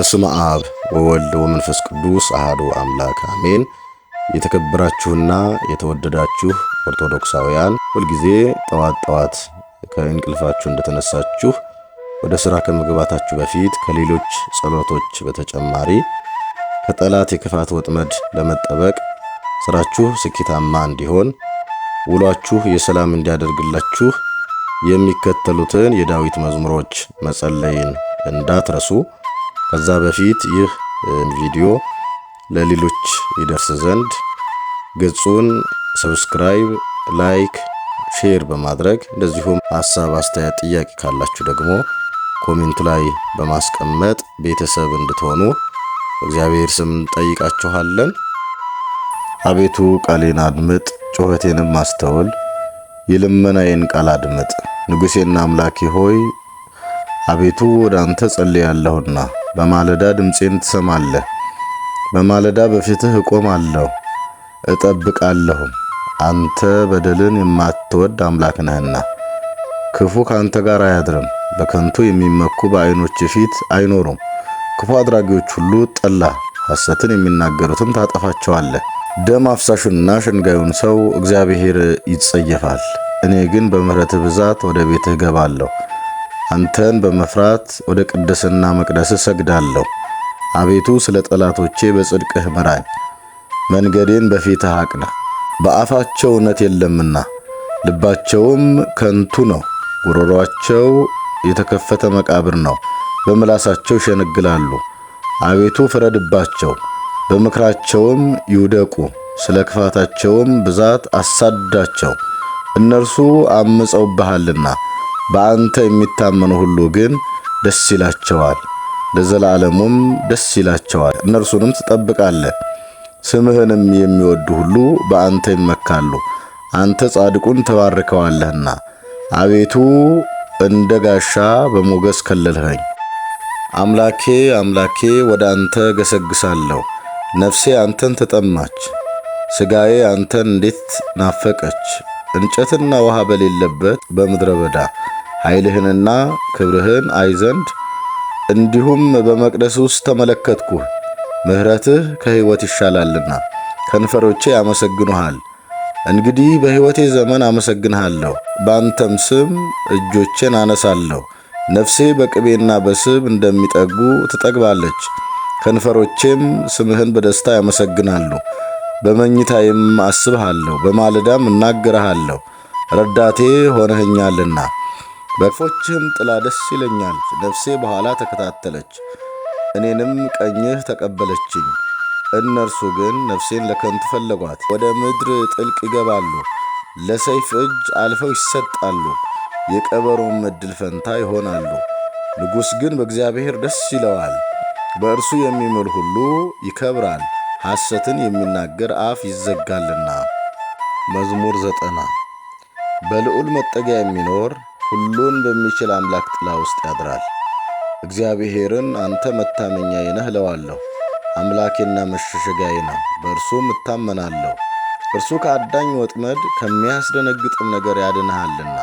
በስመ አብ ወወልድ ወመንፈስ ቅዱስ አሃዱ አምላክ አሜን። የተከበራችሁና የተወደዳችሁ ኦርቶዶክሳውያን ሁልጊዜ ጠዋት ጠዋት ከእንቅልፋችሁ እንደተነሳችሁ ወደ ሥራ ከመግባታችሁ በፊት ከሌሎች ጸሎቶች በተጨማሪ ከጠላት የክፋት ወጥመድ ለመጠበቅ ሥራችሁ ስኬታማ እንዲሆን ውሏችሁ የሰላም እንዲያደርግላችሁ የሚከተሉትን የዳዊት መዝሙሮች መጸለይን እንዳትረሱ። ከዛ በፊት ይህ ቪዲዮ ለሌሎች ይደርስ ዘንድ ገጹን ሰብስክራይብ፣ ላይክ፣ ሼር በማድረግ እንደዚሁም ሀሳብ፣ አስተያየት፣ ጥያቄ ካላችሁ ደግሞ ኮሜንቱ ላይ በማስቀመጥ ቤተሰብ እንድትሆኑ እግዚአብሔር ስም እንጠይቃችኋለን። አቤቱ ቃሌን አድምጥ፣ ጩኸቴንም አስተውል፣ የልመናዬን ቃል አድምጥ። ንጉሴና አምላኬ ሆይ አቤቱ ወደ አንተ ጸልያለሁና በማለዳ ድምፄን ትሰማለህ። በማለዳ በፊትህ እቆማለሁ እጠብቃለሁም፣ አንተ በደልን የማትወድ አምላክ ነህና። ክፉ ከአንተ ጋር አያድርም፣ በከንቱ የሚመኩ በዐይኖች ፊት አይኖሩም። ክፉ አድራጊዎች ሁሉ ጠላ ሐሰትን የሚናገሩትን ታጠፋቸዋለህ። ደም አፍሳሹንና ሸንጋዩን ሰው እግዚአብሔር ይጸየፋል። እኔ ግን በምሕረትህ ብዛት ወደ ቤትህ እገባለሁ። አንተን በመፍራት ወደ ቅድስና መቅደስ እሰግዳለሁ። አቤቱ ስለ ጠላቶቼ በጽድቅህ ምራኝ፣ መንገዴን በፊትህ አቅና። በአፋቸው እውነት የለምና ልባቸውም ከንቱ ነው። ጉሮሮአቸው የተከፈተ መቃብር ነው፣ በምላሳቸው ይሸነግላሉ። አቤቱ ፍረድባቸው፣ በምክራቸውም ይውደቁ። ስለ ክፋታቸውም ብዛት አሳዳቸው፣ እነርሱ አምፀውብሃልና በአንተ የሚታመኑ ሁሉ ግን ደስ ይላቸዋል፣ ለዘላለሙም ደስ ይላቸዋል። እነርሱንም ትጠብቃለህ። ስምህንም የሚወዱ ሁሉ በአንተ ይመካሉ፣ አንተ ጻድቁን ተባርከዋለህና። አቤቱ እንደ ጋሻ በሞገስ ከለልኸኝ። አምላኬ አምላኬ ወደ አንተ ገሰግሳለሁ። ነፍሴ አንተን ተጠማች፣ ሥጋዬ አንተን እንዴት ናፈቀች! እንጨትና ውሃ በሌለበት በምድረ በዳ ኃይልህንና ክብርህን አይ ዘንድ እንዲሁም በመቅደስ ውስጥ ተመለከትኩህ። ምሕረትህ ከሕይወት ይሻላልና ከንፈሮቼ ያመሰግኑሃል። እንግዲህ በሕይወቴ ዘመን አመሰግንሃለሁ፣ በአንተም ስም እጆቼን አነሳለሁ። ነፍሴ በቅቤና በስብ እንደሚጠጉ ትጠግባለች፣ ከንፈሮቼም ስምህን በደስታ ያመሰግናሉ። በመኝታዬም አስብሃለሁ፣ በማለዳም እናገረሃለሁ፣ ረዳቴ ሆነህኛልና። በክንፎችህም ጥላ ደስ ይለኛል። ነፍሴ በኋላ ተከታተለች፣ እኔንም ቀኝህ ተቀበለችኝ። እነርሱ ግን ነፍሴን ለከንቱ ፈለጓት፣ ወደ ምድር ጥልቅ ይገባሉ፣ ለሰይፍ እጅ አልፈው ይሰጣሉ፣ የቀበሮም እድል ፈንታ ይሆናሉ። ንጉሥ ግን በእግዚአብሔር ደስ ይለዋል፣ በእርሱ የሚምል ሁሉ ይከብራል። ሐሰትን የሚናገር አፍ ይዘጋልና። መዝሙር ዘጠና በልዑል መጠጊያ የሚኖር ሁሉን በሚችል አምላክ ጥላ ውስጥ ያድራል። እግዚአብሔርን አንተ መታመኛዬ ነህ እለዋለሁ። አምላኬና መሸሸጊያዬ ነው፣ በእርሱም እታመናለሁ። እርሱ ከአዳኝ ወጥመድ ከሚያስደነግጥም ነገር ያድንሃልና።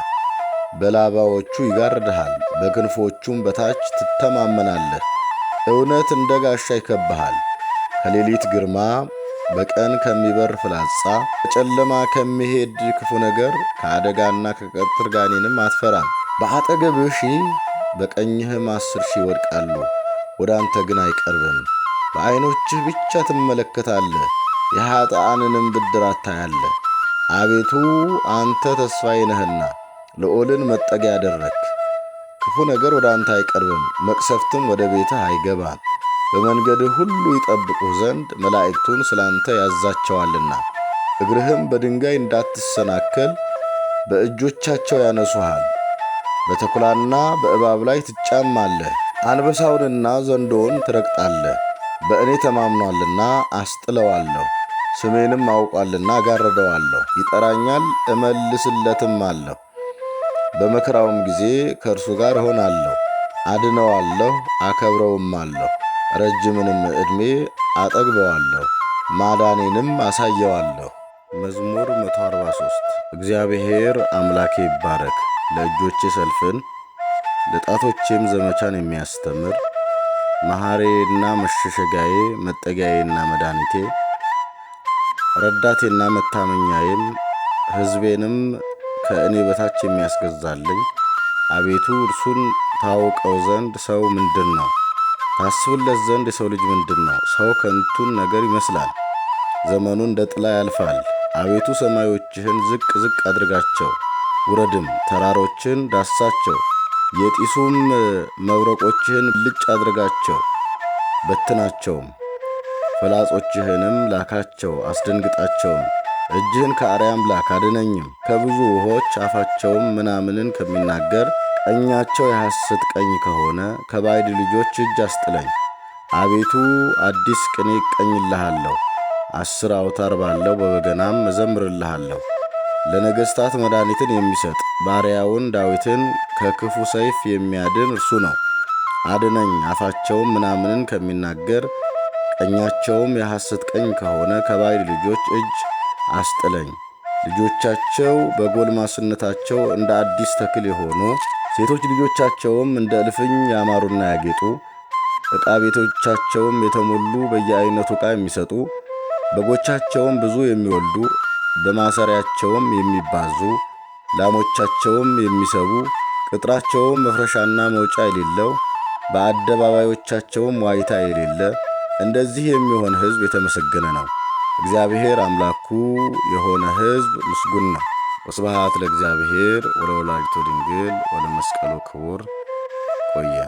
በላባዎቹ ይጋርድሃል፣ በክንፎቹም በታች ትተማመናለህ። እውነት እንደ ጋሻ ይከብሃል፣ ከሌሊት ግርማ በቀን ከሚበር ፍላጻ፣ በጨለማ ከሚሄድ ክፉ ነገር፣ ከአደጋና ከቀትር ጋኔንም አትፈራም። በአጠገብህ ሺህ በቀኝህም አስር ሺህ ይወድቃሉ፣ ወደ አንተ ግን አይቀርብም። በዐይኖችህ ብቻ ትመለከታለህ፣ የኀጥኣንንም ብድር ታያለህ። አቤቱ አንተ ተስፋዬ ነህና ልዑልን መጠጊያ ያደረግህ ክፉ ነገር ወደ አንተ አይቀርብም፣ መቅሰፍትም ወደ ቤትህ አይገባም። በመንገድህ ሁሉ ይጠብቁህ ዘንድ መላእክቱን ስላንተ ያዛቸዋልና እግርህም በድንጋይ እንዳትሰናከል በእጆቻቸው ያነሱሃል። በተኩላና በእባብ ላይ ትጫማለህ፣ አንበሳውንና ዘንዶውን ትረግጣለህ። በእኔ ተማምኗልና አስጥለዋለሁ፣ ስሜንም አውቋልና ጋረደዋለሁ። ይጠራኛል እመልስለትም አለሁ። በመከራውም ጊዜ ከእርሱ ጋር እሆናለሁ፣ አድነዋለሁ፣ አከብረውም አለሁ። ረጅምንም ዕድሜ አጠግበዋለሁ፣ ማዳኔንም አሳየዋለሁ። መዝሙር 143 እግዚአብሔር አምላኬ ይባረክ። ለእጆቼ ሰልፍን ለጣቶቼም ዘመቻን የሚያስተምር መሐሬና መሸሸጋዬ መጠጊያዬና መድኃኒቴ ረዳቴና መታመኛዬም ሕዝቤንም ከእኔ በታች የሚያስገዛልኝ አቤቱ እርሱን ታውቀው ዘንድ ሰው ምንድን ነው? ታስቡለት ዘንድ የሰው ልጅ ምንድን ነው? ሰው ከንቱን ነገር ይመስላል፣ ዘመኑ እንደ ጥላ ያልፋል። አቤቱ ሰማዮችህን ዝቅ ዝቅ አድርጋቸው፣ ውረድም ተራሮችን ዳሳቸው፣ የጢሱም መብረቆችህን ልጭ አድርጋቸው፣ በትናቸውም ፍላጾችህንም ላካቸው፣ አስደንግጣቸውም። እጅህን ከአርያም ላክ አድነኝም፣ ከብዙ ውኆች አፋቸውም ምናምንን ከሚናገር ቀኛቸው የሐሰት ቀኝ ከሆነ ከባዕድ ልጆች እጅ አስጥለኝ። አቤቱ አዲስ ቅኔ እቀኝልሃለሁ፣ አሥር አውታር ባለው በበገናም እዘምርልሃለሁ። ለነገሥታት መድኃኒትን የሚሰጥ ባሪያውን ዳዊትን ከክፉ ሰይፍ የሚያድን እርሱ ነው። አድነኝ፣ አፋቸውም ምናምንን ከሚናገር ቀኛቸውም የሐሰት ቀኝ ከሆነ ከባዕድ ልጆች እጅ አስጥለኝ። ልጆቻቸው በጎልማስነታቸው እንደ አዲስ ተክል የሆኑ ሴቶች ልጆቻቸውም እንደ እልፍኝ ያማሩና ያጌጡ ዕቃ ቤቶቻቸውም የተሞሉ በየአይነቱ ዕቃ የሚሰጡ በጎቻቸውም ብዙ የሚወልዱ በማሰሪያቸውም የሚባዙ ላሞቻቸውም የሚሰቡ ቅጥራቸውም መፍረሻና መውጫ የሌለው በአደባባዮቻቸውም ዋይታ የሌለ እንደዚህ የሚሆን ሕዝብ የተመሰገነ ነው። እግዚአብሔር አምላኩ የሆነ ሕዝብ ምስጉን ነው። ወስብሐት ለእግዚአብሔር ወለወላዲቱ ድንግል ወለመስቀሉ ክቡር። ቆየ።